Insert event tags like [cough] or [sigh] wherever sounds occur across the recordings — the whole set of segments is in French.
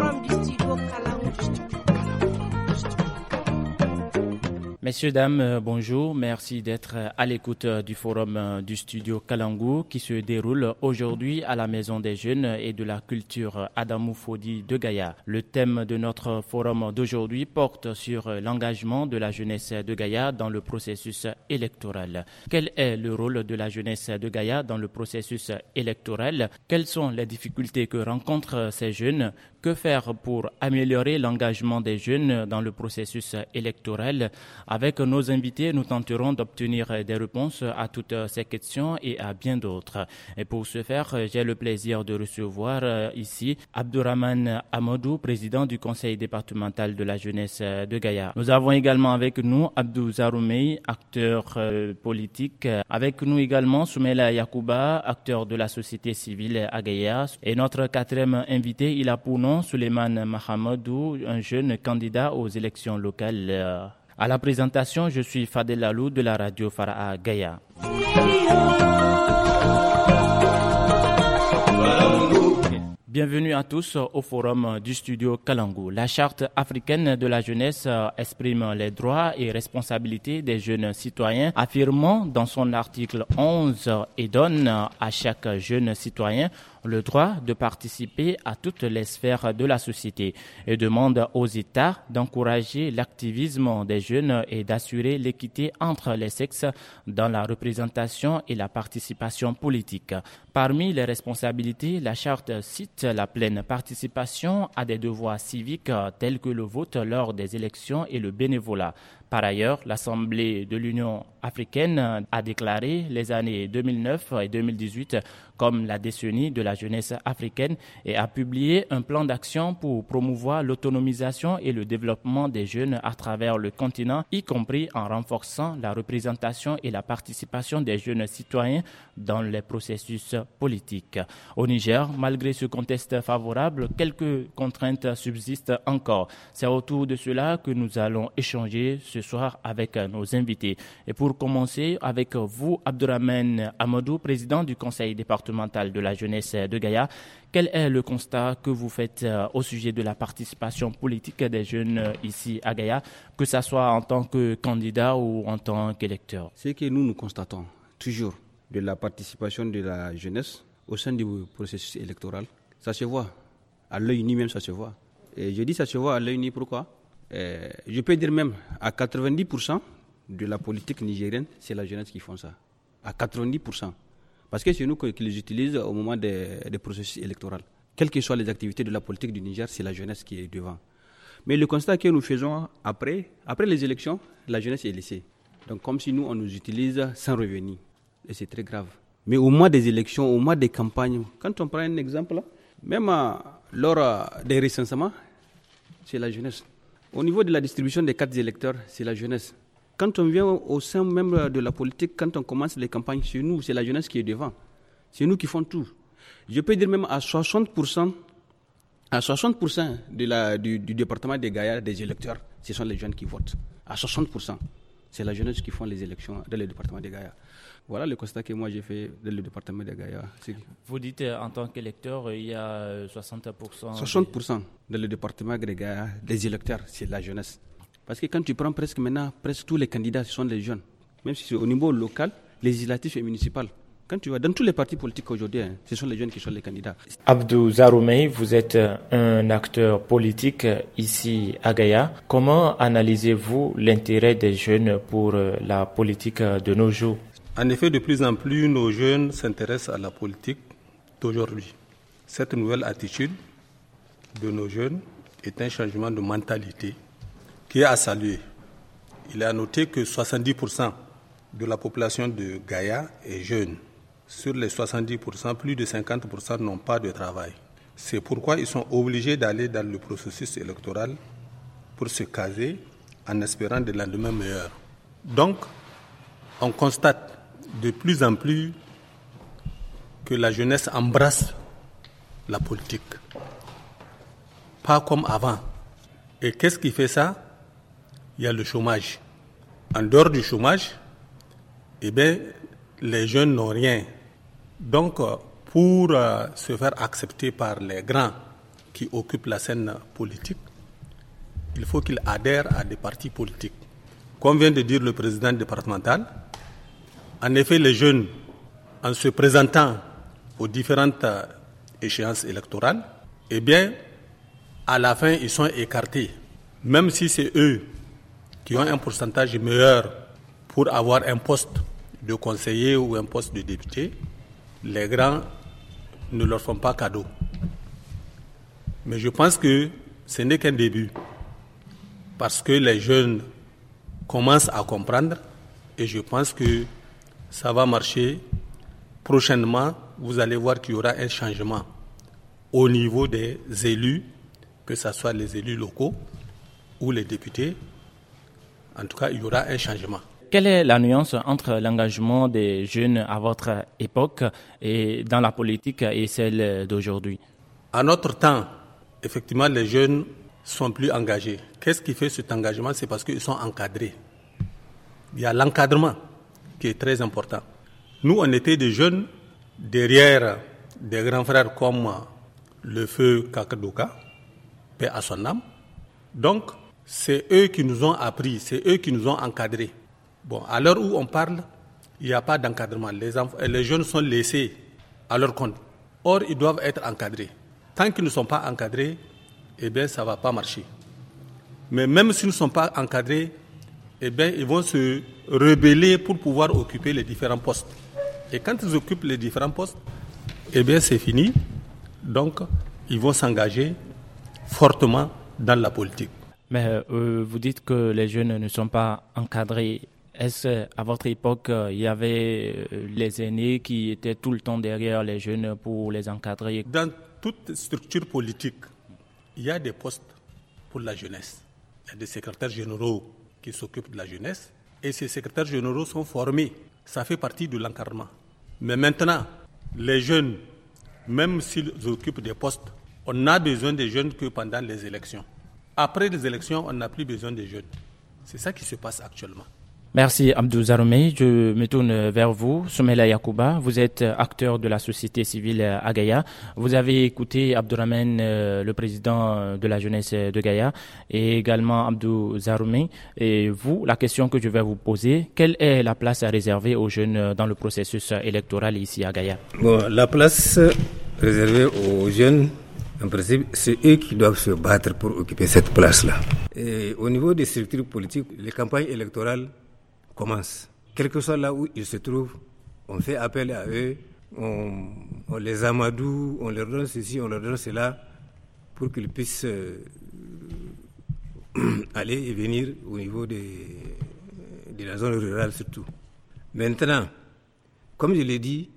du Messieurs, dames, euh, bonjour. Merci d'être euh, à l'écoute euh, du forum du studio Kalangou qui se déroule aujourd'hui à la Maison des Jeunes et de la Culture Adamou de Gaïa. Le thème de notre forum d'aujourd'hui porte sur l'engagement de la jeunesse de Gaïa dans le processus électoral. Quel est le rôle de la jeunesse de Gaïa dans le processus électoral Quelles sont les difficultés que rencontrent ces jeunes que faire pour améliorer l'engagement des jeunes dans le processus électoral Avec nos invités, nous tenterons d'obtenir des réponses à toutes ces questions et à bien d'autres. Et pour ce faire, j'ai le plaisir de recevoir euh, ici Abdurrahman Amadou, président du Conseil départemental de la jeunesse de Gaïa. Nous avons également avec nous Abdou Zaroumei, acteur euh, politique. Avec nous également Soumela Yakouba, acteur de la société civile à Gaïa. Et notre quatrième invité, il a pour nom Suleiman Mahamadou, un jeune candidat aux élections locales. Euh, à la présentation, je suis Fadel Alou de la radio Faraa Gaïa. Bienvenue à tous au forum du studio Kalangou. La charte africaine de la jeunesse euh, exprime les droits et responsabilités des jeunes citoyens, affirmant dans son article 11 et donne à chaque jeune citoyen le droit de participer à toutes les sphères de la société et demande aux États d'encourager l'activisme des jeunes et d'assurer l'équité entre les sexes dans la représentation et la participation politique. Parmi les responsabilités, la charte cite la pleine participation à des devoirs civiques tels que le vote lors des élections et le bénévolat. Par ailleurs, l'Assemblée de l'Union africaine a déclaré les années 2009 et 2018 comme la décennie de la jeunesse africaine et a publié un plan d'action pour promouvoir l'autonomisation et le développement des jeunes à travers le continent, y compris en renforçant la représentation et la participation des jeunes citoyens dans les processus politiques. Au Niger, malgré ce contexte favorable, quelques contraintes subsistent encore. C'est autour de cela que nous allons échanger ce soir avec euh, nos invités. Et pour commencer, avec euh, vous, Abdourahmane Amadou, président du Conseil départemental de la jeunesse euh, de Gaïa, quel est le constat que vous faites au sujet de la participation politique des jeunes ici à Gaïa, que ce soit en tant que candidat ou en tant qu'électeur Ce que nous nous constatons toujours de la participation de la jeunesse au sein du processus électoral, ça se voit. À l'œil nu même, ça se voit. Et je dis ça se voit à l'œil nu pourquoi euh, je peux dire même à 90% de la politique nigérienne, c'est la jeunesse qui font ça. À 90%. Parce que c'est nous qui les utilisons au moment des, processus électoraux. Quelles que soient les activités de la politique du Niger, c'est la jeunesse qui est devant. Mais le constat que nous faisons après, après les élections, la jeunesse est laissée. Donc comme si nous, on nous utilise sans revenir, Et c'est très grave. Mais au mois des élections, au mois des campagnes, quand on prend un exemple, même euh, lors euh, des recensements, c'est la jeunesse au niveau de la distribution des cartes électeurs, c'est la jeunesse. Quand on vient au sein même de la politique, quand on commence les campagnes c'est nous, c'est la jeunesse qui est devant. C'est nous qui font tout. Je peux dire même à 60%, à 60% du, département des Gaïa des électeurs, ce sont les jeunes qui votent. À 60%. C'est la jeunesse qui font les élections dans le département de Gaïa. Voilà le constat que moi j'ai fait dans le département de Gaïa. Vous dites euh, en tant qu'électeur, il y a 60%. Euh, 60% dans le département de Gaïa, des électeurs, c'est la jeunesse. Parce que quand tu prends presque maintenant, presque tous les candidats, ce sont des jeunes. Même si c'est au niveau local, législatif et municipal tu dans tous les partis politiques aujourd'hui, hein, ce sont les jeunes qui sont les candidats. Abdou Zaroumei, vous êtes euh, un acteur politique euh, ici à Gaïa. Comment analysez-vous l'intérêt des jeunes pour euh, la politique de nos jours En effet, de plus en plus, nos jeunes s'intéressent à la politique d'aujourd'hui. Cette nouvelle attitude de nos jeunes est un changement de mentalité qui est à saluer. Il est à noter que 70% de la population de Gaïa est jeune sur les 70%, plus de 50% n'ont pas de travail. C'est pourquoi ils sont obligés d'aller dans le processus électoral pour se caser en espérant de l'endemain meilleur. Donc, on constate de plus en plus que la jeunesse embrasse la politique. Pas comme avant. Et qu'est-ce qui fait ça Il y a le chômage. En dehors du chômage, eh bien, les jeunes n'ont rien. Donc, pour euh, se faire accepter par les grands qui occupent la scène politique, il faut qu'ils adhèrent à des partis politiques. Comme vient de dire le président départemental, en effet, les jeunes, en se présentant aux différentes euh, échéances électorales, eh bien, à la fin, ils sont écartés. Même si c'est eux qui ont un pourcentage meilleur pour avoir un poste de conseiller ou un poste de député, les grands ne leur font pas cadeau. Mais je pense que ce n'est qu'un début, parce que les jeunes commencent à comprendre et je pense que ça va marcher. Prochainement, vous allez voir qu'il y aura un changement au niveau des élus, que ce soit les élus locaux ou les députés. En tout cas, il y aura un changement. Quelle est la nuance entre l'engagement des jeunes à votre époque et dans la politique et celle d'aujourd'hui À notre temps, effectivement, les jeunes sont plus engagés. Qu'est-ce qui fait cet engagement C'est parce qu'ils sont encadrés. Il y a l'encadrement qui est très important. Nous, on était des jeunes derrière des grands frères comme le feu Kakadoka, paix à son âme. Donc, c'est eux qui nous ont appris, c'est eux qui nous ont encadrés. Bon, à l'heure où on parle, il n'y a pas d'encadrement. Les, euh, les jeunes sont laissés à leur compte. Or, ils doivent être encadrés. Tant qu'ils ne sont pas encadrés, eh bien, ça ne va pas marcher. Mais même s'ils ne sont pas encadrés, eh bien, ils vont se rebeller pour pouvoir occuper les différents postes. Et quand ils occupent les différents postes, eh bien, c'est fini. Donc, ils vont s'engager fortement dans la politique. Mais euh, vous dites que les jeunes ne sont pas encadrés. Est-ce à votre époque, euh, il y avait euh, les aînés qui étaient tout le temps derrière les jeunes pour les encadrer Dans toute structure politique, il y a des postes pour la jeunesse. Il y a des secrétaires généraux qui s'occupent de la jeunesse et ces secrétaires généraux sont formés. Ça fait partie de l'encadrement. Mais maintenant, les jeunes, même s'ils occupent des postes, on n'a besoin des jeunes que pendant les élections. Après les élections, on n'a plus besoin des jeunes. C'est ça qui se passe actuellement. Merci Abdou Zaroumé. Je me tourne vers vous, Soumela Yakouba. Vous êtes acteur de la société civile à Gaïa. Vous avez écouté Ramène, euh, le président de la jeunesse de Gaïa, et également Abdou Zaroumé. Et vous, la question que je vais vous poser, quelle est la place à réserver aux jeunes dans le processus électoral ici à Gaïa bon, La place réservée aux jeunes, en principe, c'est eux qui doivent se battre pour occuper cette place-là. Et au niveau des structures politiques, les campagnes électorales commence. Quel que soit là où ils se trouvent, on fait appel à eux, on, les amadoue, on leur donne ceci, on leur donne cela, pour qu'ils puissent euh, [clears throat] aller et venir au niveau des, de la zone rurale surtout. Maintenant, comme je l'ai dit,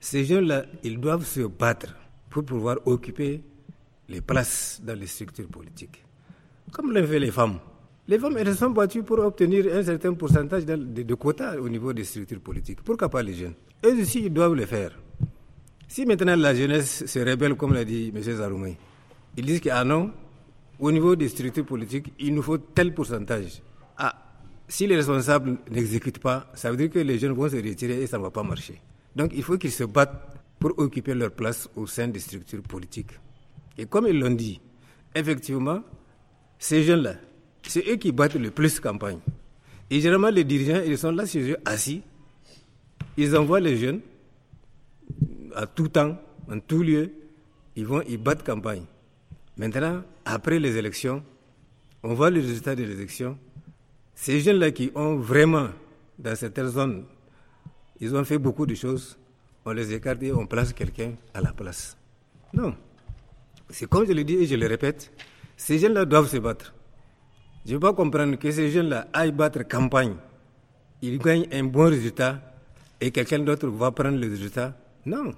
ces jeunes-là, ils doivent se battre pour pouvoir occuper les places dans les structures politiques, comme l'ont fait les femmes. Les femmes, elles sont battues pour obtenir un certain pourcentage de, quotas au niveau des structures politiques. Pourquoi pas les jeunes Eux aussi, ils doivent le faire. Si maintenant la jeunesse se rébelle, comme l'a dit M. Zaroumé, ils disent que, ah non, au niveau des structures politiques, il nous faut tel pourcentage. Ah, si les responsables n'exécutent pas, ça veut dire que les jeunes vont se retirer et ça ne va pas marcher. Donc il faut qu'ils se battent pour occuper leur place au sein des structures politiques. Et comme ils l'ont dit, effectivement, ces jeunes-là, c'est eux qui battent le plus campagne. Et généralement, les dirigeants, ils sont là chez eux, assis. Ils envoient les jeunes à tout temps, en tout lieu. Ils vont, ils battent campagne. Maintenant, après les élections, on voit le résultat des élections. Ces jeunes-là qui ont vraiment, dans certaines zones, ils ont fait beaucoup de choses. On les écarte et on place quelqu'un à la place. Non. C'est comme je le dis et je le répète, ces jeunes-là doivent se battre. Je ne veux pas comprendre que ces jeunes-là aillent battre campagne. Ils gagnent un bon résultat et quelqu'un d'autre va prendre le résultat. Non.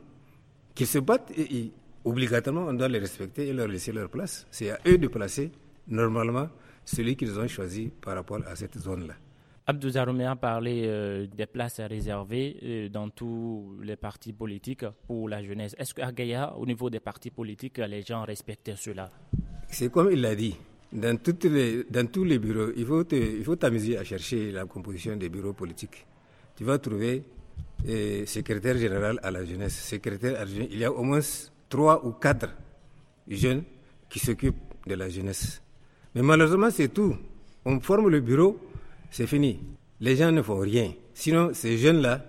Qu'ils se battent, et, obligatoirement, on doit les respecter et leur laisser leur place. C'est à eux de placer, normalement, celui qu'ils ont choisi par rapport à cette zone-là. Abdou Zaroumé a parlé euh, des places réservées euh, dans tous les partis politiques pour la jeunesse. Est-ce qu'à Gaïa, au niveau des partis politiques, les gens respectent cela C'est comme il l'a dit. Dans, les, tous les bureaux, il faut, t'amuser à chercher la composition des bureaux politiques. Tu vas trouver eh, secrétaire général à la jeunesse, secrétaire Il y a au moins trois ou quatre jeunes qui s'occupent de la jeunesse. Mais malheureusement, c'est tout. On forme le bureau, c'est fini. Les gens ne font rien. Sinon, ces jeunes-là,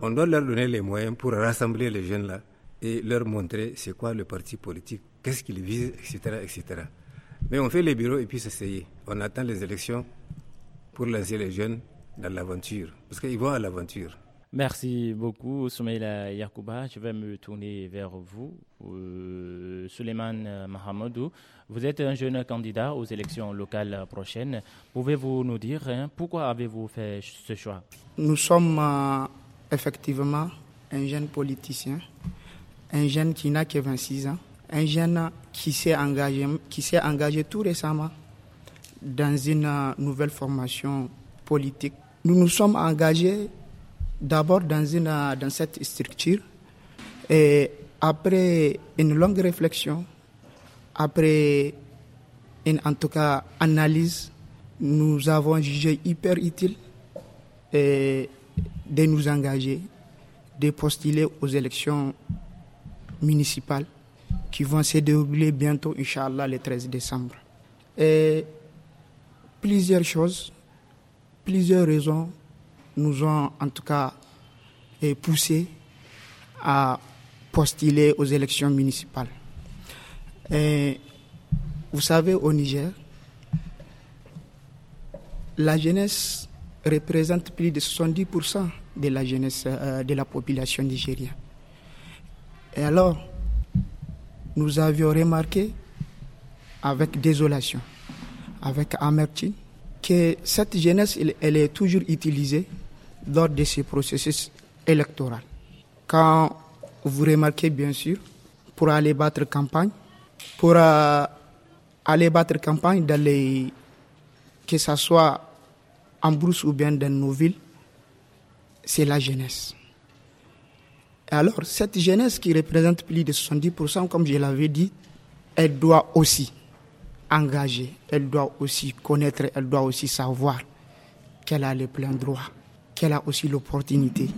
on doit leur donner les moyens pour rassembler les jeunes-là et leur montrer c'est quoi le parti politique, qu'est-ce qu'il vise, etc., etc. Mais on fait les bureaux et puis s'essayer. On attend les élections pour lancer les jeunes dans l'aventure, parce qu'ils vont à l'aventure. Merci beaucoup, Soumaïla Yakouba. Je vais me tourner vers vous, euh, Mahamadou. Vous êtes un jeune candidat aux élections locales prochaines. Pouvez-vous nous dire hein, pourquoi avez-vous fait ce choix Nous sommes euh, effectivement un jeune politicien, un jeune qui n'a que 26 ans, un jeune qui s'est engagé, qui s'est engagé tout récemment dans une nouvelle formation politique. Nous nous sommes engagés d'abord dans, une, dans cette structure et après une longue réflexion, après une en tout cas analyse, nous avons jugé hyper utile de nous engager, de postuler aux élections municipales qui vont se dérouler bientôt, Inch'Allah, le 13 décembre. Et plusieurs choses, plusieurs raisons nous ont en tout cas eh, poussé à postuler aux élections municipales. vous savez, au Niger, la jeunesse représente plus de 70% de la jeunesse euh, de la population nigérienne. Et alors, nous avions remarqué avec désolation, avec amertume, que cette jeunesse, elle est toujours utilisée lors de ces processus électoraux. Quand vous remarquez, bien sûr, pour aller battre campagne, pour euh, aller battre campagne que ce soit en brousse ou bien dans nos villes, c'est la jeunesse. Alors, cette jeunesse qui représente plus de 70%, comme je l'avais dit, elle doit aussi engager, elle doit aussi connaître, elle doit aussi savoir qu'elle a les pleins droits, qu'elle a aussi l'opportunité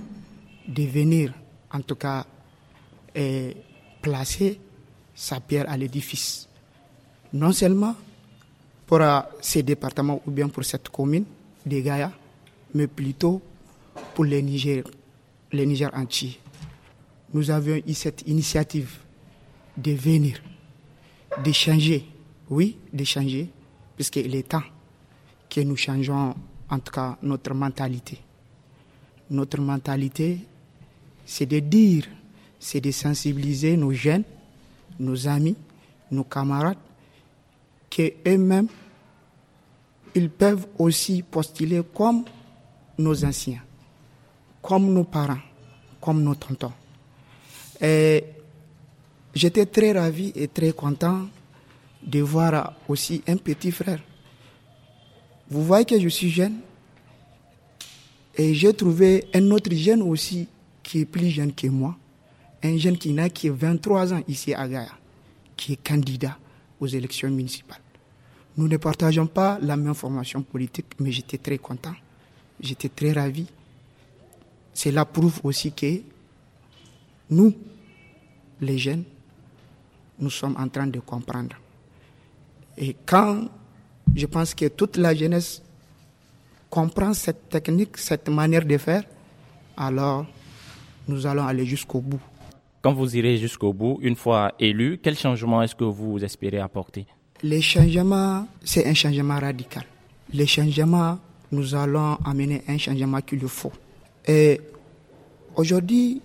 de venir, en tout cas, placer sa pierre à l'édifice. Non seulement pour ce euh, ces départements ou bien pour cette commune de Gaïa, mais plutôt pour le Niger, le Niger entier nous avions eu cette initiative de venir, de changer, oui, de changer, puisqu'il est temps que nous changeons en tout cas notre mentalité. Notre mentalité, c'est de dire, c'est de sensibiliser nos jeunes, nos amis, nos camarades, qu'eux-mêmes, ils peuvent aussi postuler comme nos anciens, comme nos parents, comme nos tontons. Et J'étais très ravi et très content de voir aussi un petit frère. Vous voyez que je suis jeune et j'ai trouvé un autre jeune aussi qui est plus jeune que moi, un jeune qui n'a que 23 ans ici à Gaïa, qui est candidat aux élections municipales. Nous ne partageons pas la même formation politique, mais j'étais très content, j'étais très ravi. Cela prouve aussi que nous, les jeunes, nous sommes en train de comprendre. Et quand je pense que toute la jeunesse comprend cette technique, cette manière de faire, alors nous allons aller jusqu'au bout. Quand vous irez jusqu'au bout, une fois élu, quel changement est-ce que vous espérez apporter Le changement, c'est un changement radical. Le changement, nous allons amener un changement qu'il faut. Et aujourd'hui,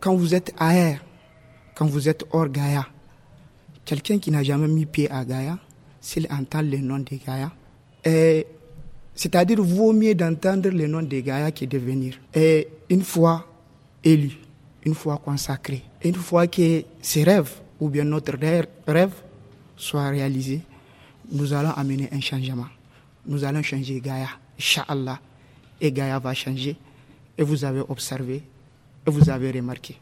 quand vous êtes à air, quand vous êtes hors Gaïa, quelqu'un qui n'a jamais mis pied à Gaïa, s'il entend le nom de Gaïa, c'est-à-dire vaut mieux d'entendre le nom de Gaïa qui de venir. Et une fois élu, une fois consacré, une fois que ses rêves ou bien notre rêve soit réalisé, nous allons amener un changement. Nous allons changer Gaïa, Inch'Allah. Et Gaïa va changer. Et vous avez observé, et vous avez remarqué.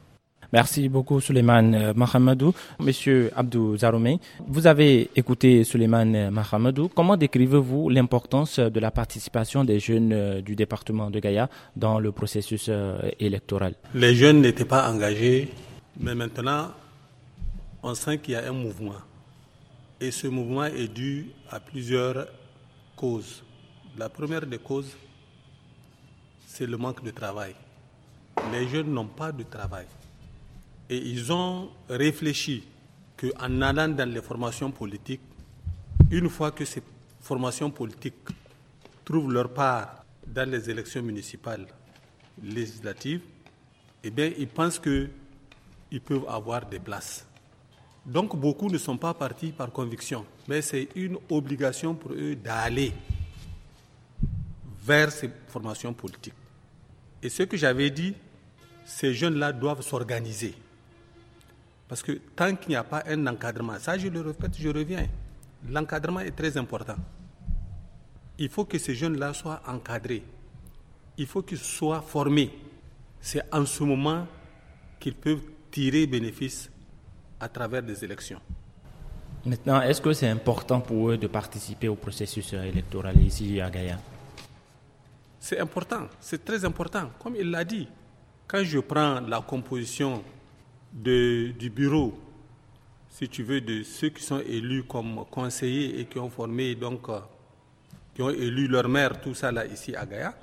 Merci beaucoup, Suleiman euh, Mahamadou. Monsieur Abdou Zaroumé, vous avez écouté Suleiman euh, Mahamadou. Comment décrivez-vous l'importance de la participation des jeunes euh, du département de Gaïa dans le processus électoral Les jeunes n'étaient pas engagés, mais maintenant, on sent qu'il y a un mouvement. Et ce mouvement est dû à plusieurs causes. La première des causes, c'est le manque de travail. Les jeunes n'ont pas de travail. Et ils ont réfléchi qu'en allant dans les formations politiques, une fois que ces formations politiques trouvent leur part dans les élections municipales, législatives, eh bien, ils pensent qu'ils peuvent avoir des places. Donc beaucoup ne sont pas partis par conviction, mais c'est une obligation pour eux d'aller vers ces formations politiques. Et ce que j'avais dit, ces jeunes-là doivent s'organiser. Parce que tant qu'il n'y a pas un encadrement, ça je le répète, je reviens, l'encadrement est très important. Il faut que ces jeunes-là soient encadrés. Il faut qu'ils soient formés. C'est en ce moment qu'ils peuvent tirer bénéfice à travers des élections. Maintenant, est-ce que c'est important pour eux de participer au processus électoral ici à Gaïa C'est important, c'est très important. Comme il l'a dit, quand je prends la composition de, du bureau, si tu veux, de ceux qui sont élus comme conseillers et qui ont formé, donc, euh, qui ont élu leur maire, tout ça là, ici à Gaïa.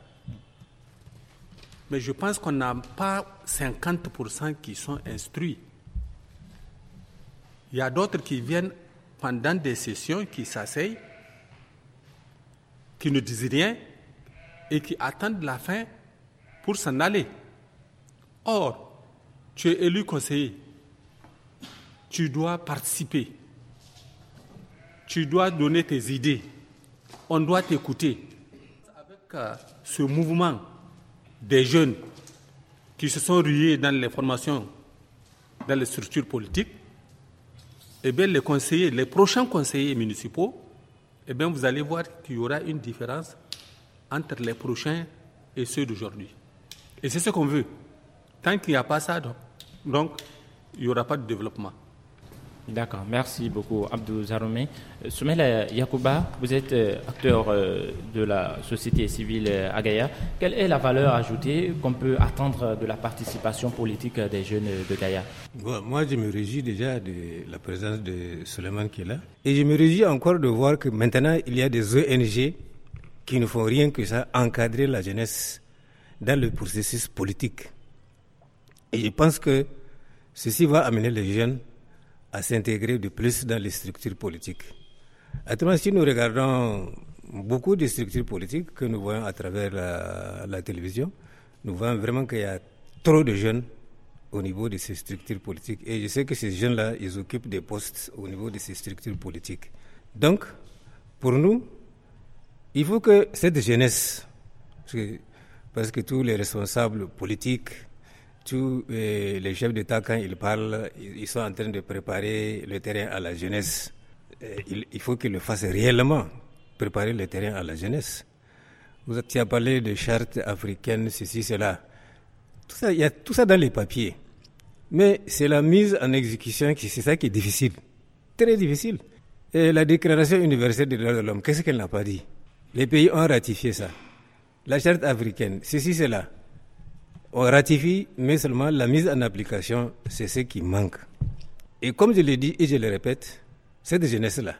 Mais je pense qu'on n'a pas 50% qui sont instruits. Il y a d'autres qui viennent pendant des sessions, qui s'asseyent, qui ne disent rien et qui attendent la fin pour s'en aller. Or, tu es élu conseiller, tu dois participer, tu dois donner tes idées, on doit t'écouter. Avec euh, ce mouvement des jeunes qui se sont rués dans les formations, dans les structures politiques, eh bien, les conseillers, les prochains conseillers municipaux, eh bien, vous allez voir qu'il y aura une différence entre les prochains et ceux d'aujourd'hui. Et c'est ce qu'on veut. Tant qu'il n'y a pas ça, donc, il n'y aura pas de développement. D'accord, merci beaucoup Abdou Zaroumé. Euh, Soumel Yakouba, vous êtes euh, acteur euh, de la société civile à Gaïa. Quelle est la valeur ajoutée qu'on peut attendre de la participation politique des jeunes de Gaïa Moi, je me réjouis déjà de la présence de Suleiman qui est là. Et je me réjouis encore de voir que maintenant, il y a des ONG qui ne font rien que ça, encadrer la jeunesse dans le processus politique. Et je pense que ceci va amener les jeunes à s'intégrer de plus dans les structures politiques. Autrement, si nous regardons beaucoup de structures politiques que nous voyons à travers la, télévision, nous voyons vraiment qu'il y a trop de jeunes au niveau de ces structures politiques. Et je sais que ces jeunes-là, ils occupent des postes au niveau de ces structures politiques. Donc, pour nous, il faut que cette jeunesse, parce que tous les responsables politiques, tous euh, les chefs d'État, quand ils parlent, ils sont en train de préparer le terrain à la jeunesse. Euh, il, faut qu'ils le fassent réellement, préparer le terrain à la jeunesse. Vous avez parlé de charte africaine, ceci, cela. il y a tout ça dans les papiers. Mais c'est la mise en exécution qui, c'est ça qui est difficile. Très difficile. Et la Déclaration universelle des droits de l'homme, qu'est-ce qu'elle n'a pas dit Les pays ont ratifié ça. La charte africaine, ceci, cela. On ratifie, mais seulement la mise en application, c'est ce qui manque. Et comme je l'ai dit et je le répète, cette jeunesse-là,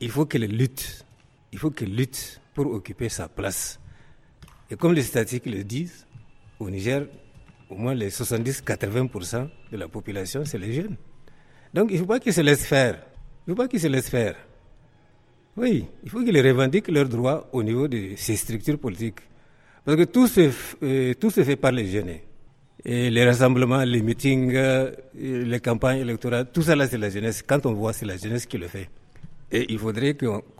il faut qu'elle lutte. Il faut qu'elle lutte pour occuper sa place. Et comme les statistiques le disent, au Niger, au moins les 70-80% de la population, c'est les jeunes. Donc il ne faut pas qu'ils se laissent faire. Il ne faut pas qu'ils se laissent faire. Oui, il faut qu'ils revendiquent leurs droits au niveau de ces structures politiques. Parce que euh, tout se, fait par les jeunes. Et les rassemblements, les meetings, euh, les campagnes électorales, tout ça c'est la jeunesse. Quand on voit, c'est la jeunesse qui le fait. Et il faudrait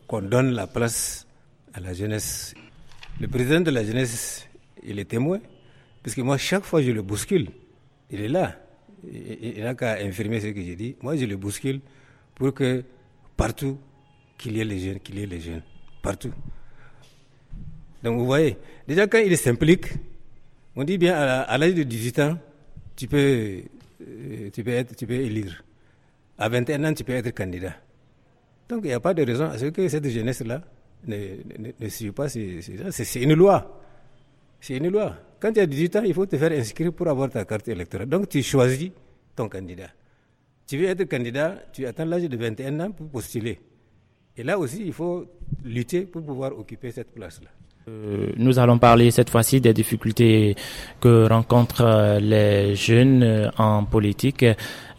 qu'on donne la place à la jeunesse. Le président de la jeunesse, il est témoin. Parce que moi, chaque fois, je le bouscule. Il est là. Il n'a qu'à infirmer ce que j'ai dit. Moi, je le bouscule pour que partout, qu'il y ait les jeunes, qu'il y ait les jeunes. Partout. Donc vous voyez, déjà quand il s'implique, on dit bien à l'âge de 18 ans, tu peux, euh, tu peux, être, tu peux élire. À 21 ans, tu peux être candidat. Donc il n'y a pas de raison à ce que cette jeunesse-là ne, ne, ne suive pas. C'est une loi. C'est une loi. Quand tu as 18 ans, il faut te faire inscrire pour avoir ta carte électorale. Donc tu choisis ton candidat. Tu veux être candidat, tu attends l'âge de 21 ans pour postuler. Et là aussi, il faut lutter pour pouvoir occuper cette place-là. Nous allons parler cette fois-ci des difficultés que rencontrent euh, les jeunes euh, en politique.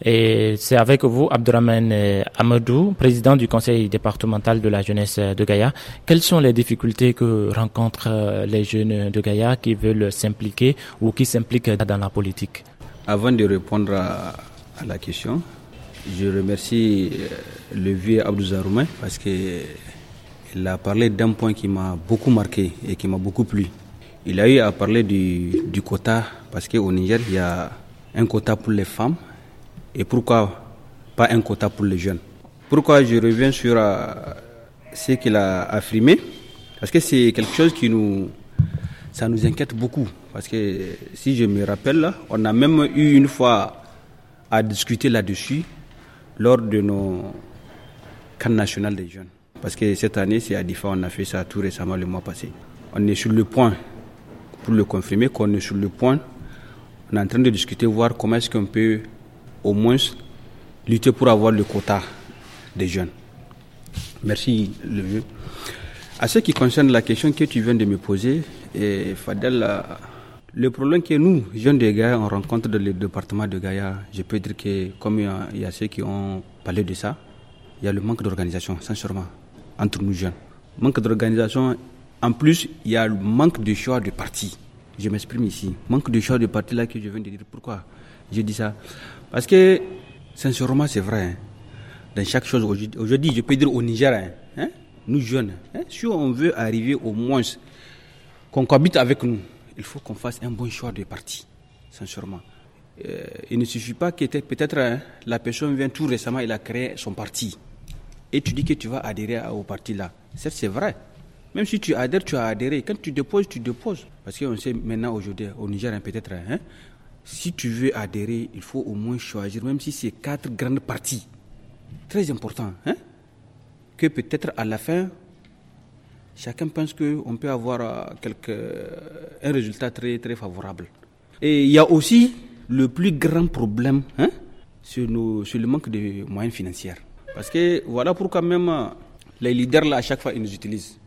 Et c'est avec vous, Abdurrahman euh, Amadou, président du conseil départemental de la jeunesse de Gaïa. Quelles sont les difficultés que rencontrent les jeunes de Gaïa qui veulent s'impliquer ou qui s'impliquent dans la politique Avant de répondre à, la question, je remercie le vieux Abdou Zaroumé parce que il a parlé d'un point qui m'a beaucoup marqué et qui m'a beaucoup plu. Il a eu à parler du, quota, parce qu'au Niger, il y a un quota pour les femmes et pourquoi pas un quota pour les jeunes. Pourquoi je reviens sur euh, ce qu'il a affirmé Parce que c'est quelque chose qui nous, ça nous inquiète beaucoup. Parce que si je me rappelle, on a même eu une fois à discuter là-dessus lors de nos camps nationaux des jeunes. Parce que cette année, c'est à Difa, on a fait ça tout récemment le mois passé. On est sur le point, pour le confirmer, qu'on est sur le point, on est en train de discuter, voir comment est-ce qu'on peut au moins lutter pour avoir le quota des jeunes. Merci, le vieux. À ce qui concerne la question que tu viens de me poser, Fadel, euh, le problème que nous, jeunes des Gaïa, on rencontre dans le département de Gaïa, je peux dire que comme il y, il y a ceux qui ont parlé de ça, il y a le manque d'organisation, sincèrement entre nous jeunes. Manque d'organisation. En plus, il y a le manque de choix de parti. Je m'exprime ici. Manque de choix de parti là que je viens de dire. Pourquoi je dis ça Parce que, sincèrement, c'est vrai. Hein. Dans chaque chose, aujourd'hui, je peux dire au Niger, hein, hein nous jeunes, hein, si on veut arriver au moins qu'on cohabite avec nous, il faut qu'on fasse un bon choix de parti, sincèrement. Euh, il ne suffit pas que peut-être la personne vient tout récemment, il a créé son parti et tu dis que tu vas adhérer au parti là. c'est vrai. Même si tu adhères, tu as adhéré. Quand tu déposes, tu déposes. Parce qu'on sait maintenant aujourd'hui, au Niger, hein, peut-être, hein, si tu veux adhérer, il faut au moins choisir, même si c'est quatre grandes parties. Très important. Hein. que peut-être à la fin, chacun pense qu'on peut avoir euh, quelques euh, un résultat très, très favorable. Et il y a aussi le plus grand problème, hein, sur le manque de moyens financiers. Parce que voilà pourquoi même euh, les leaders, là, à chaque fois, ils nous utilisent.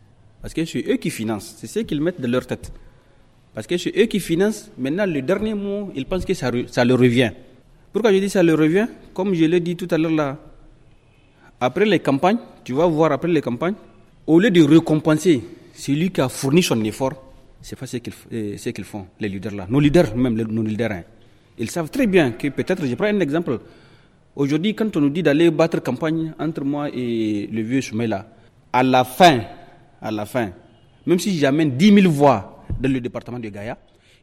Parce que c'est eux qui financent, c'est ce qu'ils mettent de leur tête. Parce que c'est eux qui financent. Maintenant, le dernier mot, ils pensent que ça, ça leur revient. Pourquoi je dis ça leur revient Comme je l'ai dit tout à l'heure, là, après les campagnes, tu vas voir après les campagnes, au lieu de récompenser celui qui a fourni son effort, c'est pas ce qu'ils euh, font, les leaders là. Nos leaders, même nos leaders, hein. ils savent très bien que peut-être, je prends un exemple, Aujourd'hui, quand on nous dit d'aller battre campagne entre moi et le vieux Soumaïla, à la fin, à la fin, même si j'amène 10 000 voix dans le département de Gaïa,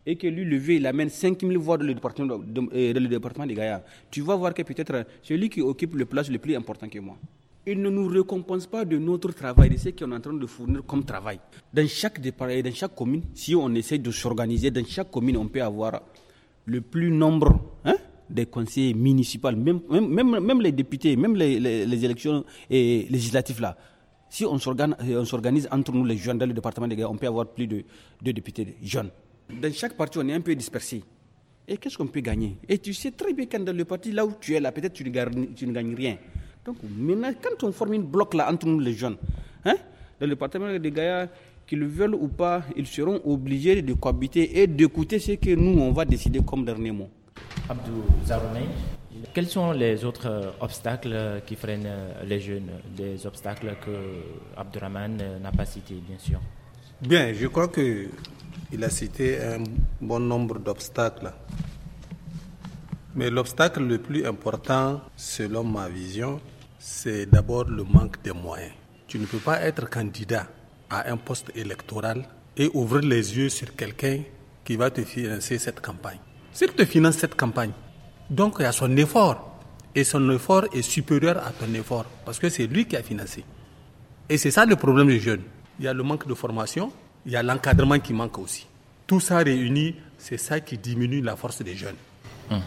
et que lui, le vieux, il amène 5 000 voix dans le département de, euh, le département de Gaïa, tu vas voir que peut-être celui qui occupe le place le plus important que moi, il ne nous récompense pas de notre travail, de ce qu'on est en train de fournir comme travail. Dans chaque départ, dans chaque commune, si on essaie de s'organiser, dans chaque commune, on peut avoir le plus nombre, hein, des conseillers municipaux, même, les députés, même les, élections et législatives là. Si euh, on s'organise entre nous, les jeunes, dans le département des gars, on peut avoir plus de, députés jeunes. Dans chaque parti, on est un peu dispersé. Et qu'est-ce qu'on peut gagner Et tu sais très bien quand dans le parti, là où tu es là, peut-être tu, ne gagnes rien. Donc quand on forme une bloc là entre nous, les jeunes, hein, dans le département des Gaïa, qu'ils veulent ou pas, ils seront obligés de cohabiter et d'écouter ce que nous, on va décider comme dernier mot. Abdou Zaroumé. Quels sont les autres euh, obstacles qui freinent euh, les jeunes Des obstacles que Abdourahman euh, n'a pas cités, bien sûr. Bien, je crois qu'il a cité un bon nombre d'obstacles. Mais l'obstacle le plus important, selon ma vision, c'est d'abord le manque de moyens. Tu ne peux pas être candidat à un poste électoral et ouvrir les yeux sur quelqu'un qui va te financer cette campagne. S'il te finance cette campagne, donc il y a son effort. Et son effort est supérieur à ton effort, parce que c'est lui qui a financé. Et c'est ça le problème des jeunes. Il y a le manque de formation, il y a l'encadrement qui manque aussi. Tout ça réuni, c'est ça qui diminue la force des jeunes. Mhm.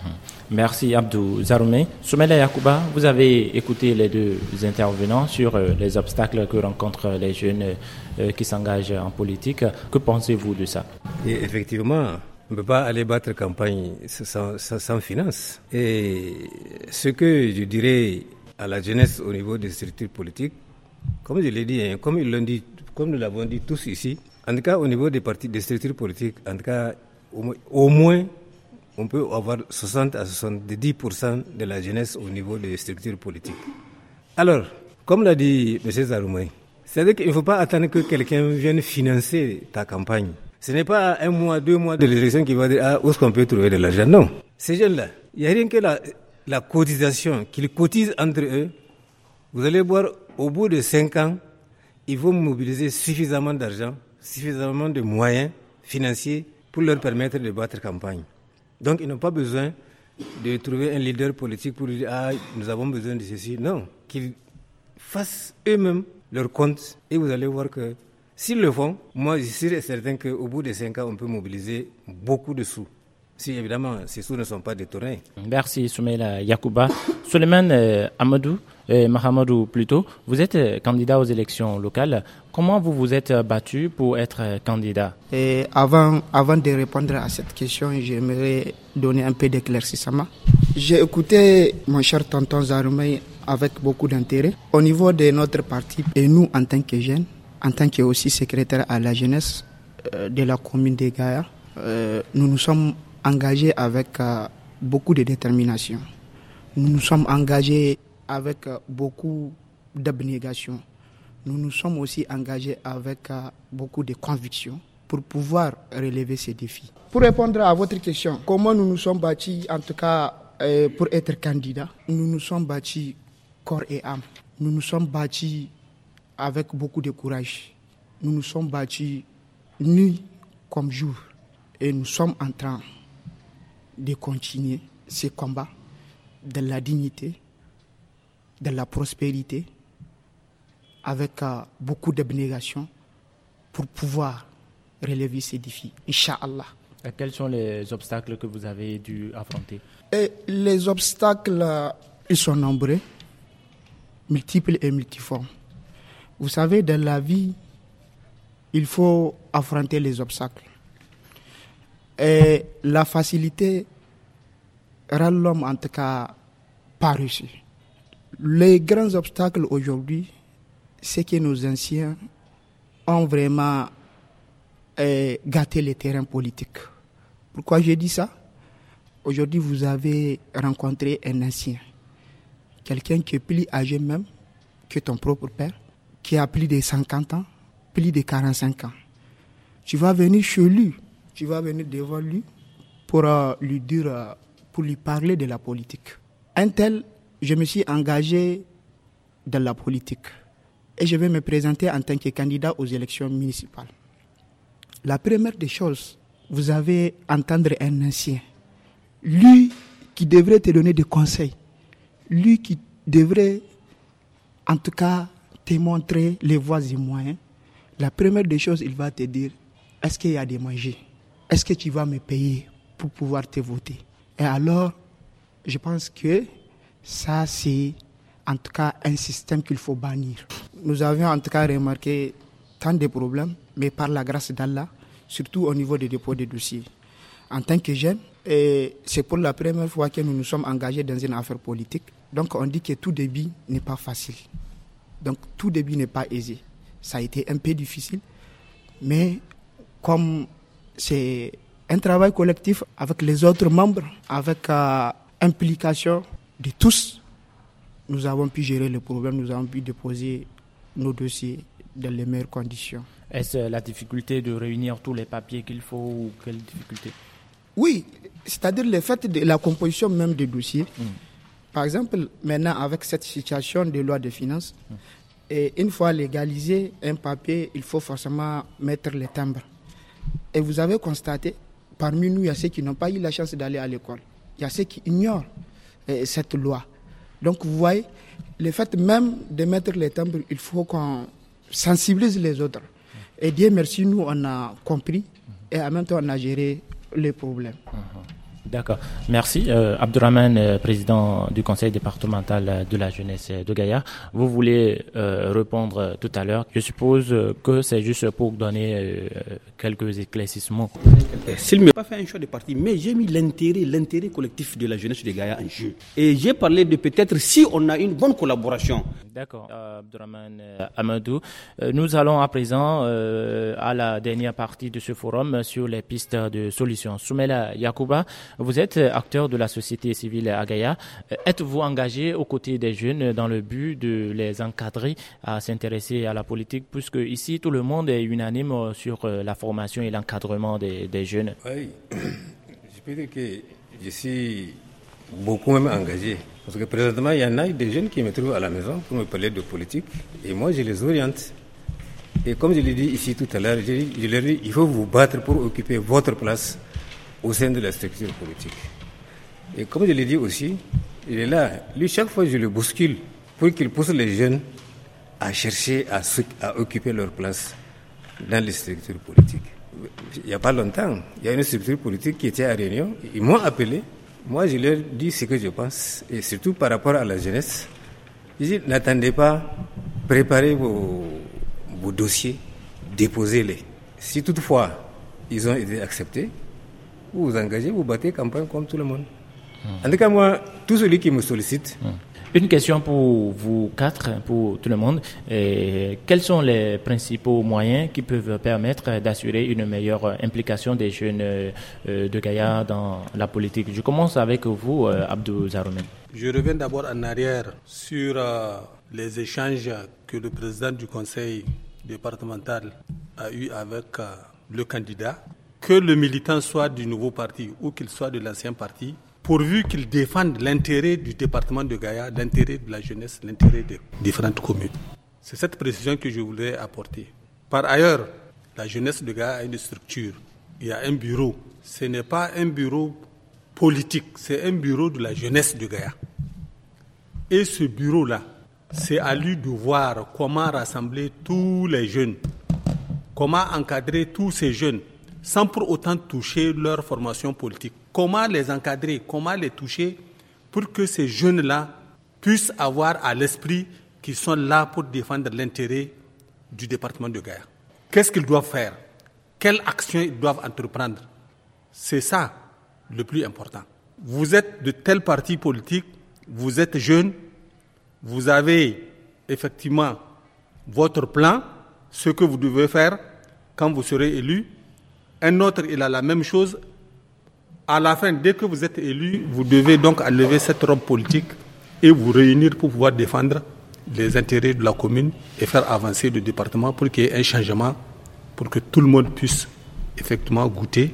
Merci Abdou Zaroumé. Soumela Yakouba, vous avez écouté les deux intervenants sur euh, les obstacles que rencontrent les jeunes euh, qui s'engagent en politique. Que pensez-vous de ça Effectivement, on ne peut pas aller battre campagne sans, sans, finances. Et ce que je dirais à la jeunesse au niveau des structures politiques, comme je l'ai dit, hein, comme, dit, comme nous l'avons dit tous ici, en tout cas au niveau des partis, des structures politiques, en tout cas au moins, on peut avoir 60 à 70% de la jeunesse au niveau des structures politiques. Alors, comme l'a dit M. Zaroumé, c'est-à-dire qu'il ne faut pas attendre que quelqu'un vienne financer ta campagne. Ce n'est pas un mois, deux mois de l'élection qui va dire ah, où est-ce qu'on peut trouver de l'argent. Non. Ces jeunes-là, il n'y a rien que la, cotisation qu'ils cotisent entre eux. Vous allez voir, au bout de cinq ans, ils vont mobiliser suffisamment d'argent, suffisamment de moyens financiers pour leur permettre de battre campagne. Donc ils n'ont pas besoin de trouver un leader politique pour dire Ah, nous avons besoin de ceci. Non, qu'ils fassent eux-mêmes leur compte et vous allez voir que S'ils le font, moi, je suis certain qu'au bout de cinq ans, on peut mobiliser beaucoup de sous. Si évidemment ces sous ne sont pas détournés. Merci Soumaïla Yakouba. Suleiman [coughs] euh, Amadou, euh, Mahamadou plutôt, vous êtes euh, candidat aux élections locales. Comment vous vous êtes battu pour être candidat avant, de répondre à cette question, j'aimerais donner un peu d'éclaircissement. J'ai écouté mon cher tonton Zaroumé avec beaucoup d'intérêt. Au niveau de notre parti, et nous en tant que jeunes, en tant que aussi secrétaire à la jeunesse euh, de la commune de Gaïa, euh, nous nous sommes engagés avec euh, beaucoup de détermination. Nous nous sommes engagés avec beaucoup d'abnégation. Nous nous sommes aussi engagés avec beaucoup de conviction pour pouvoir relever ces défis. Pour répondre à votre question, comment nous nous sommes bâtis, en tout cas pour être candidats, nous nous sommes bâtis corps et âme. Nous nous sommes bâtis avec beaucoup de courage. Nous nous sommes battus nuit comme jour et nous sommes en train de continuer ce combat de la dignité, de la prospérité, avec euh, beaucoup d'abnégation pour pouvoir relever ces défis. Inch'Allah. quels sont les obstacles que vous avez dû affronter Les obstacles, euh, ils sont nombreux, multiples et multiformes. Vous savez, dans la vie, il faut affronter les obstacles. Et la facilité rend l'homme, en tout cas, pas réussi. Les grands obstacles aujourd'hui, c'est que nos anciens ont vraiment eh, gâté le terrain politique. Pourquoi je dis ça Aujourd'hui, vous avez rencontré un ancien, quelqu'un qui est plus âgé même que ton propre père, qui a plus de 50 ans, plus de 45 ans. Tu vas venir chez lui, tu vas venir devant lui pour euh, lui dire, euh, pour lui parler de la politique. Un tel, je me suis engagé dans la politique et je vais me présenter en tant que candidat aux élections municipales. La première des choses, vous avez entendre un ancien, lui qui devrait te donner des conseils, lui qui devrait, en tout cas, te montrer les voies et moyens, la première des choses, il va te dire, est-ce qu'il y a des manger Est-ce que tu vas me payer pour pouvoir te voter Et alors, je pense que ça, c'est en tout cas un système qu'il faut bannir. Nous avions en tout cas remarqué tant de problèmes, mais par la grâce d'Allah, surtout au niveau des dépôts de dossiers. En tant que jeune, c'est pour la première fois que nous nous sommes engagés dans une affaire politique. Donc on dit que tout débit n'est pas facile. Donc tout début n'est pas aisé. Ça a été un peu difficile, mais comme c'est un travail collectif avec les autres membres, avec l'implication euh, implication de tous, nous avons pu gérer le problème, nous avons pu déposer nos dossiers dans les meilleures conditions. Est-ce euh, la difficulté de réunir tous les papiers qu'il faut ou quelle difficulté Oui, c'est-à-dire le fait de la composition même des dossiers. Hmm. Par exemple, maintenant, avec cette situation de loi de finances, et une fois légalisé un papier, il faut forcément mettre les timbres. Et vous avez constaté, parmi nous, il y a ceux qui n'ont pas eu la chance d'aller à l'école. Il y a ceux qui ignorent euh, cette loi. Donc, vous voyez, le fait même de mettre les timbres, il faut qu'on sensibilise les autres. Et Dieu merci, nous, on a compris et en même temps, on a géré le problème. Uh-huh. D'accord. Merci. Euh, euh, président du conseil départemental euh, de la jeunesse euh, de Gaïa. Vous voulez répondre tout à l'heure. Je suppose que c'est juste pour donner quelques éclaircissements. S'il ne pas fait un choix de parti, mais j'ai mis l'intérêt, l'intérêt collectif de la jeunesse de Gaïa en jeu. Et j'ai parlé de peut-être si on a une bonne collaboration. D'accord. Abdourahman Amadou, nous allons à présent à la dernière partie de ce forum sur les pistes de solutions. Soumela Yakuba, vous êtes euh, acteur de la société civile à Gaïa. Euh, êtes-vous engagé aux côtés des jeunes dans le but de les encadrer à s'intéresser à la politique, puisque ici tout le monde est unanime euh, sur la formation et l'encadrement des, jeunes Oui, [coughs] je peux dire que je suis beaucoup même engagé. Parce que présentement, il y en a des jeunes qui me trouvent à la maison pour me parler de politique. Et moi, je les oriente. Et comme je l'ai dit ici tout à l'heure, je, je, leur dis, il faut vous battre pour occuper votre place au sein de la structure politique. Et comme je l'ai dit aussi, il est là. Lui, chaque fois, je le bouscule pour qu'il pousse les jeunes à chercher à, à occuper leur place dans les structures politiques. Il n'y a pas longtemps, il y a une structure politique qui était à Réunion. Ils m'ont appelé. Moi, je leur dis ce que je pense, et surtout par rapport à la jeunesse. Je dis, n'attendez pas, préparez vos, vos dossiers, déposez-les. Si toutefois ils ont été acceptés, vous vous engagez, vous battez campagne comme tout le monde. En tout cas, moi, tout celui qui me sollicite. Une question pour vous quatre, pour tout le monde. quels sont les principaux moyens qui peuvent permettre d'assurer une meilleure implication des jeunes euh, de Gaïa dans la politique Je commence avec vous, euh, Abdou Zaroumen. Je reviens d'abord en arrière sur euh, les échanges que le président du conseil départemental a eu avec le candidat que le militant soit du nouveau parti ou qu'il soit de l'ancien parti, pourvu qu'il défende l'intérêt du département de Gaïa, l'intérêt de la jeunesse, l'intérêt des différentes communes. C'est cette précision que je voulais apporter. Par ailleurs, la jeunesse de Gaïa a une structure, il y a un bureau. Ce n'est pas un bureau politique, c'est un bureau de la jeunesse de Gaïa. Et ce bureau-là, c'est à lui de voir comment rassembler tous les jeunes, comment encadrer tous ces jeunes sans pour autant toucher leur formation politique. Comment les encadrer, comment les toucher pour que ces jeunes-là puissent avoir à l'esprit qu'ils sont là pour défendre l'intérêt du département de guerre. Qu'est-ce qu'ils doivent faire Quelles actions ils doivent entreprendre C'est ça le plus important. Vous êtes de tel parti politique, vous êtes jeune, vous avez effectivement votre plan, ce que vous devez faire quand vous serez élu, un autre, il a la même chose. À la fin, dès que vous êtes élu, vous devez donc enlever cette robe politique et vous réunir pour pouvoir défendre les intérêts de la commune et faire avancer le département pour qu'il y ait un changement, pour que tout le monde puisse effectivement goûter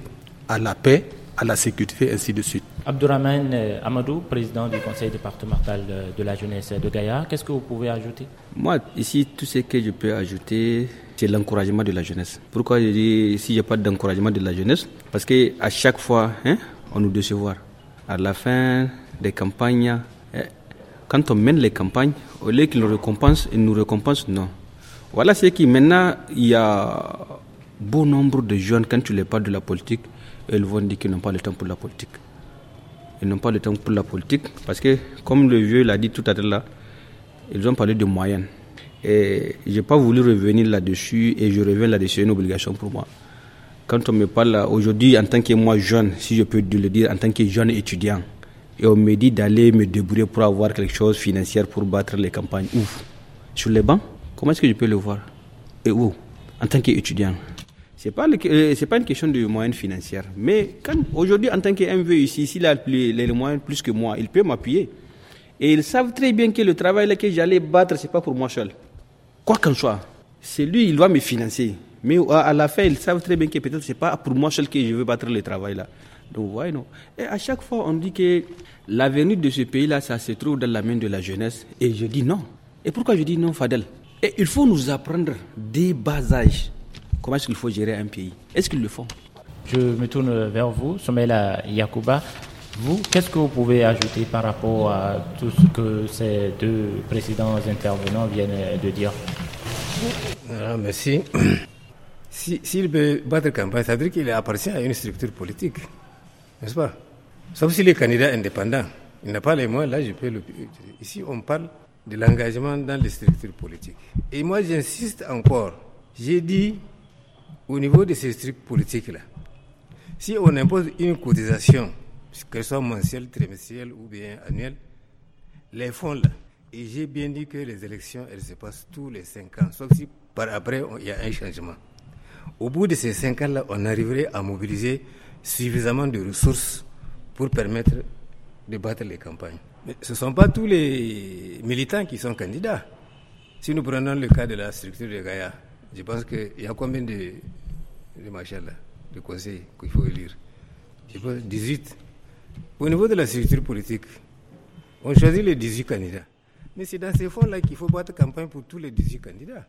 à la paix, à la sécurité, ainsi de suite. Abdourahmane euh, Amadou, président du conseil départemental euh, de la jeunesse de Gaïa, qu'est-ce que vous pouvez ajouter Moi, ici, tout ce que je peux ajouter, c'est l'encouragement de la jeunesse. Pourquoi je dis si j'ai a pas d'encouragement de la jeunesse Parce que à chaque fois, hein, on nous décevoir. À la fin des campagnes, hein, quand on mène les campagnes, au lieu qu'ils nous récompensent, ils nous récompensent, non. Voilà ce qui, maintenant, il y a bon nombre de jeunes, quand tu les parles de la politique, ils vont dire qu'ils n'ont pas le temps pour la politique. Ils n'ont pas le temps pour la politique parce que, comme le vieux l'a dit tout à l'heure là, ils ont parlé de moyens. Et je n'ai pas voulu revenir là-dessus et je reviens là-dessus, c'est une obligation pour moi. Quand on me parle aujourd'hui, en tant que moi jeune, si je peux le dire, en tant que jeune étudiant, et on me dit d'aller me débrouiller pour avoir quelque chose financière pour battre les campagnes, ouf, Sur les bancs Comment est-ce que je peux le voir Et où En tant qu'étudiant ce n'est euh, pas, une question de moyens financiers. Mais aujourd'hui, en tant qu'MV ici, s'il a les moyens plus que moi, il peut m'appuyer. Et ils savent très bien que le travail que j'allais battre, ce n'est pas pour moi seul quoi qu'en soit, c'est lui, il doit me financer. Mais à la fin, ils savent très bien que peut-être c'est pas pour moi seul que je veux battre le travail là. Donc, voyez, Et à chaque fois, on dit que l'avenir de ce pays là, ça se trouve dans la main de la jeunesse. Et je dis non. Et pourquoi je dis non, Fadel Et il faut nous apprendre des bas âges. comment est-ce qu'il faut gérer un pays. Est-ce qu'ils le font Je me tourne vers vous, à Yacouba. Vous, qu'est-ce que vous pouvez ajouter par rapport à tout ce que ces deux précédents intervenants viennent de dire ah, Merci. [clears throat] S'il si, peut battre campagne, ça veut dire qu'il appartient à une structure politique, n'est-ce pas Sauf s'il est candidat indépendant. Il n'a pas les moyens, là je peux Ici, on parle de l'engagement dans les structures politiques. Et moi, j'insiste encore. J'ai dit, au niveau de ces structures politiques-là, si on impose une cotisation qu'elles soient mensuelles, trimestrielles ou bien annuelles, les fonds là. Et j'ai bien dit que les élections, elles se passent tous les cinq ans, sauf si par après, il y a un changement. Au bout de ces cinq ans-là, on arriverait à mobiliser suffisamment de ressources pour permettre de battre les campagnes. Mais ce ne sont pas tous les militants qui sont candidats. Si nous prenons le cas de la structure de Gaïa, je pense qu'il y a combien de, de de conseils qu'il faut élire Je pense 18. Au niveau de la structure politique, on choisit les 18 candidats. Mais c'est dans ces fonds-là qu'il faut battre campagne pour tous les 18 candidats.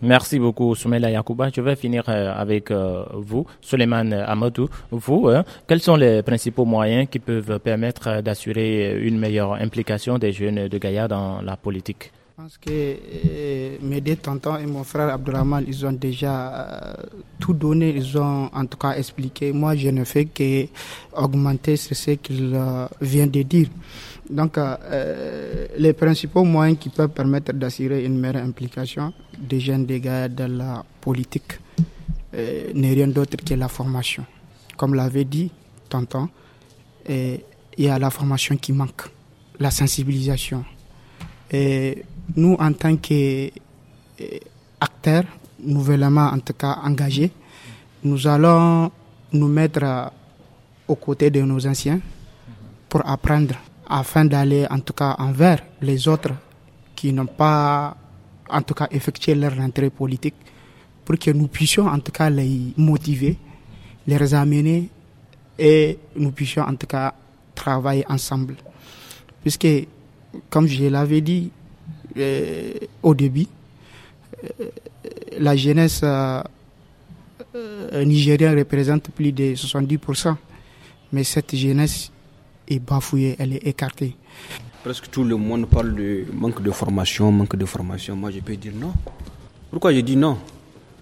Merci beaucoup, Soumela Yakouba. Je vais finir euh, avec euh, vous, Souleymane euh, Amadou. Vous, quels sont les principaux moyens qui peuvent permettre d'assurer une meilleure implication des jeunes de Gaïa dans la politique je pense que euh, mes deux tontons et mon frère Abdurrahman, ils ont déjà euh, tout donné, ils ont en tout cas expliqué. Moi, je ne fais qu'augmenter ce qu'il euh, vient de dire. Donc, les principaux moyens qui peuvent permettre d'assurer une meilleure implication des jeunes dégâts dans la politique n'est rien d'autre que la formation. Comme l'avait dit Tonton, il y a la formation qui manque, la sensibilisation. Et nous, en tant qu'acteurs, euh, nouvellement en tout cas engagés, nous allons nous mettre euh, aux côtés de nos anciens pour apprendre afin d'aller en tout cas envers les autres qui n'ont pas en tout cas effectué leur entrée politique pour que nous puissions en tout cas les motiver, les amener et nous puissions en tout cas travailler ensemble. Puisque, comme je l'avais dit, euh, au débit euh, la jeunesse euh, nigérienne représente plus de 70%, mais cette jeunesse est bafouillée, elle est écartée. Presque tout le monde parle de manque de formation, manque de formation. Moi, je peux dire non. Pourquoi je dis non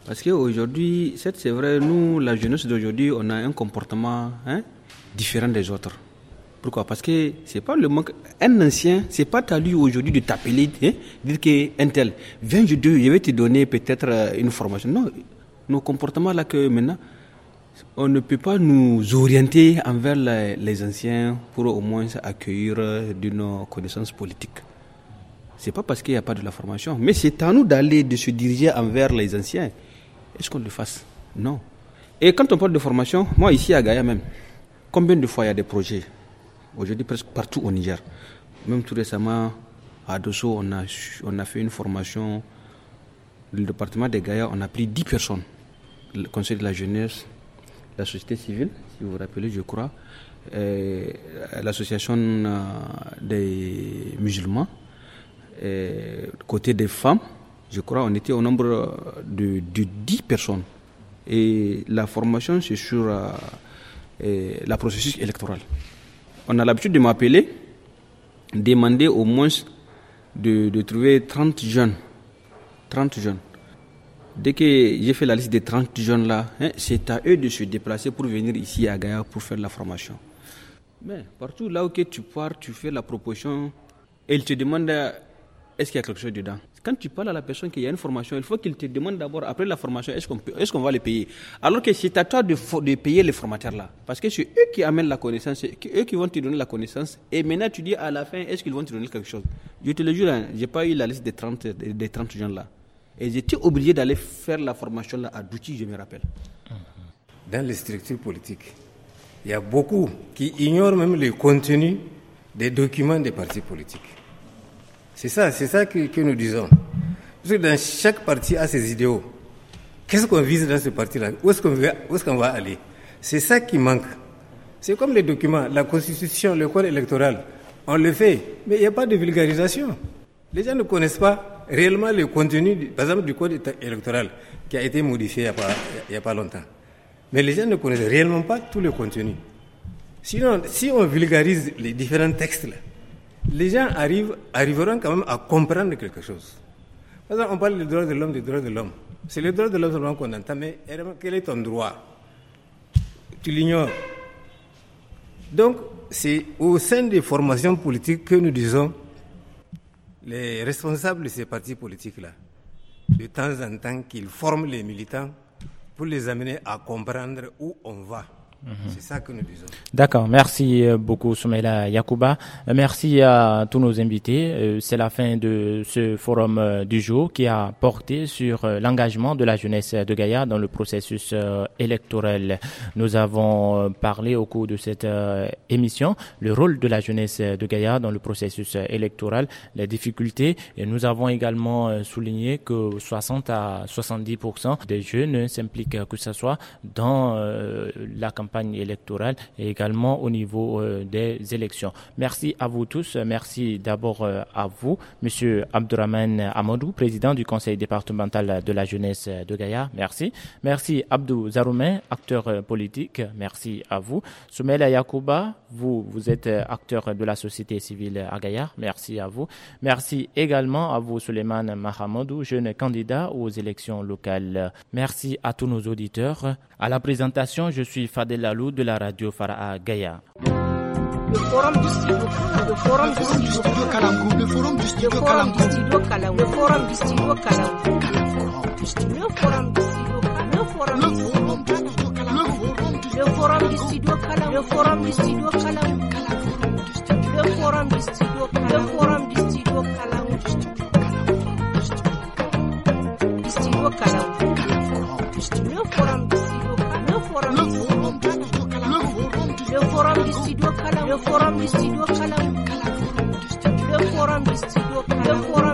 Parce qu'aujourd'hui, c'est vrai, nous, la jeunesse d'aujourd'hui, on a un comportement hein, différent des autres. Pourquoi Parce que c'est pas le manque. Un ancien, c'est pas à lui aujourd'hui de t'appeler, hein, dire qu'un tel, viens, je, vais te donner peut-être euh, une formation. Non, nos comportements là que maintenant, on ne peut pas nous orienter envers les, anciens pour au moins accueillir euh, de connaissances politiques. Ce C'est pas parce qu'il n'y a pas de la formation, mais c'est à nous d'aller, de se diriger envers les anciens. Est-ce qu'on le fasse Non. Et quand on parle de formation, moi ici à Gaïa même, combien de fois il y a des projets aujourd'hui presque partout au Niger. Même tout récemment, à Dosso, on a, on a fait une formation. Le département des Gaïa, on a pris 10 personnes. Le Conseil de la jeunesse, la société civile, si vous vous rappelez, je crois, l'association euh, des musulmans, côté des femmes, je crois, on était au nombre euh, de, de 10 personnes. Et la formation, c'est sur euh, le processus électoral. On a l'habitude de m'appeler, demander au moins de, trouver 30 jeunes. 30 jeunes. Dès que j'ai fait la liste des 30 jeunes là, hein, c'est à eux de se déplacer pour venir ici à Gaïa pour faire la formation. Mais partout là où tu pars, tu fais la proposition et ils te demandent est-ce qu'il y a quelque chose dedans. Quand tu parles à la personne qu'il a une formation, il faut qu'il te demande d'abord, après la formation, est-ce qu'on est qu'on va les payer Alors que c'est à toi de, payer les formateurs-là. Parce que c'est eux qui amènent la connaissance, eux qui vont te donner la connaissance. Et maintenant, tu dis à la fin, est-ce qu'ils vont te donner quelque chose Je te le jure, hein, je n'ai pas eu la liste des 30, des gens-là. Et j'étais obligé d'aller faire la formation-là à Douti, je me rappelle. Dans les structures politiques, il y a beaucoup qui ignorent même le contenu des documents des partis politiques. C'est ça, c'est ça que, nous disons. Parce que dans chaque parti a ses idéaux. Qu'est-ce qu'on vise dans ce parti-là Où est-ce qu'on va, aller C'est ça qui manque. C'est comme les documents, la constitution, le code électoral. On le fait, mais il n'y a pas de vulgarisation. Les gens ne connaissent pas réellement le contenu, par exemple, du code électoral qui a été modifié il n'y a, a, pas longtemps. Mais les gens ne connaissent réellement pas tout le contenu. Sinon, si on vulgarise les différents textes, là, les gens arrivent, arriveront quand même à comprendre quelque chose. Par on parle des droits de l'homme, des droits de l'homme. C'est les droits de l'homme qu'on entend, mais quel est ton droit Tu l'ignores. Donc, c'est au sein des formations politiques que nous disons les responsables de ces partis politiques-là, de temps en temps, qu'ils forment les militants pour les amener à comprendre où on va. Mhm. C'est ça que nous disons. D'accord, merci euh, beaucoup Soumaila Yacouba. Euh, merci à tous nos invités. Euh, c'est la fin de ce forum du jour qui a porté sur l'engagement de la jeunesse de Gaïa dans le processus électoral. Nous avons parlé au cours de cette émission le rôle de la jeunesse de Gaïa dans le processus électoral, les difficultés et nous avons également souligné que 60 à 70% des jeunes s'impliquent que ce soit dans la campagne campagne électorale et également au niveau euh, des élections. Merci à vous tous. Merci d'abord euh, à vous, Monsieur Abdourahman Amadou, président du Conseil départemental de la jeunesse de Gaïa. Merci. Merci Abdou Zaroumé, acteur euh, politique. Merci à vous. Soumela Yacouba, vous, vous êtes acteur de la société civile à Gaïa. Merci à vous. Merci également à vous, Suleiman Mahamadou, jeune candidat aux élections locales. Merci à tous nos auditeurs. À la présentation, je suis Fadel de la radio Fara'a le forum du forum du forum du forum du forum du du forum du forum du forum forum di studio kalam le forum di studio kalam le forum di studio kalam